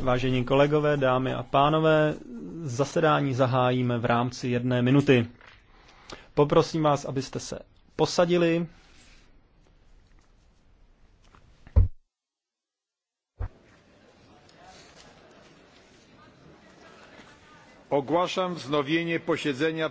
Vážení kolegové, dámy a pánové, zasedání zahájíme v rámci jedné minuty. Poprosím vás, abyste se posadili. Ogłaszam wznowienie posiedzenia.